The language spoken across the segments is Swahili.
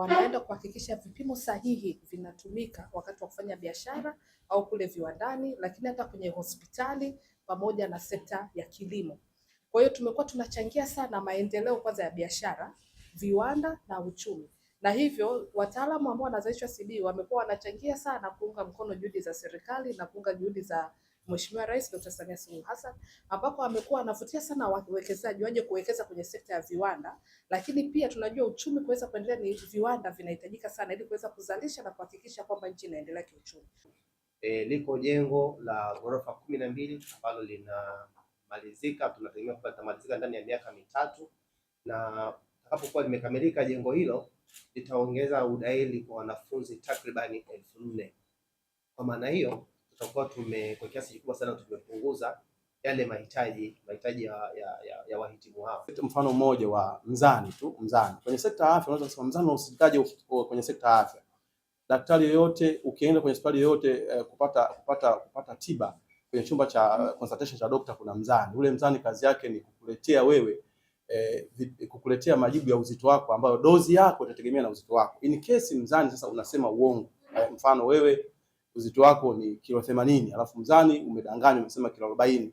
wanaenda kuhakikisha vipimo sahihi vinatumika wakati wa kufanya biashara au kule viwandani, lakini hata kwenye hospitali pamoja na sekta ya kilimo. Kwa hiyo tumekuwa tunachangia sana maendeleo kwanza ya biashara, viwanda na uchumi, na hivyo wataalamu ambao wanazalishwa CBE wamekuwa wanachangia sana kuunga mkono juhudi za serikali na kuunga juhudi za Mheshimiwa Rais Dr. Samia Suluhu Hassan ambapo amekuwa anavutia sana wawekezaji waje kuwekeza kwenye sekta ya viwanda, lakini pia tunajua uchumi kuweza kuendelea ni viwanda vinahitajika sana ili kuweza kuzalisha na kuhakikisha kwamba nchi inaendelea kiuchumi. E, liko jengo la ghorofa kumi na mbili ambalo linamalizika, tunategemea kwamba litamalizika ndani ya miaka mitatu, na itakapokuwa limekamilika jengo hilo litaongeza udahili kwa wanafunzi takribani elfu nne. Kwa maana hiyo tutakuwa tume kwa kiasi kikubwa sana tumepunguza yale mahitaji mahitaji ya, ya, ya, ya wahitimu hao. Mfano mmoja wa mzani tu, mzani kwenye sekta ya afya, unaweza kusema mzani na unausindikaje kwenye sekta ya afya? Daktari yoyote ukienda kwenye hospitali yoyote eh, kupata kupata kupata tiba kwenye chumba cha mm, consultation cha daktari kuna mzani. Ule mzani kazi yake ni kukuletea wewe eh, kukuletea majibu ya uzito wako, ambayo dozi yako itategemea na uzito wako. In case mzani sasa unasema uongo, eh, mfano wewe uzito wako ni kilo themanini alafu mzani umedanganywa umesema kilo arobaini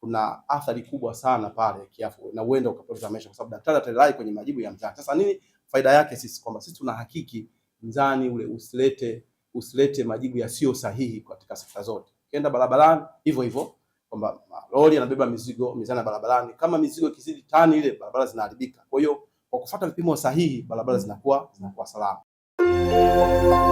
kuna athari kubwa sana pale kiafu na uenda ukapoteza maisha, kwa sababu daktari atalai kwenye majibu ya mzani. Sasa nini faida yake sisi? Kwamba sisi tunahakiki mzani ule usilete usilete majibu yasiyo sahihi katika sekta zote. Ukienda barabarani hivyo hivyo, kwamba lori anabeba mizigo, mizani ya barabarani, kama mizigo ikizidi tani ile, barabara zinaharibika. Kwa hiyo kwa kufuata vipimo sahihi, barabara zinakuwa zinakuwa salama.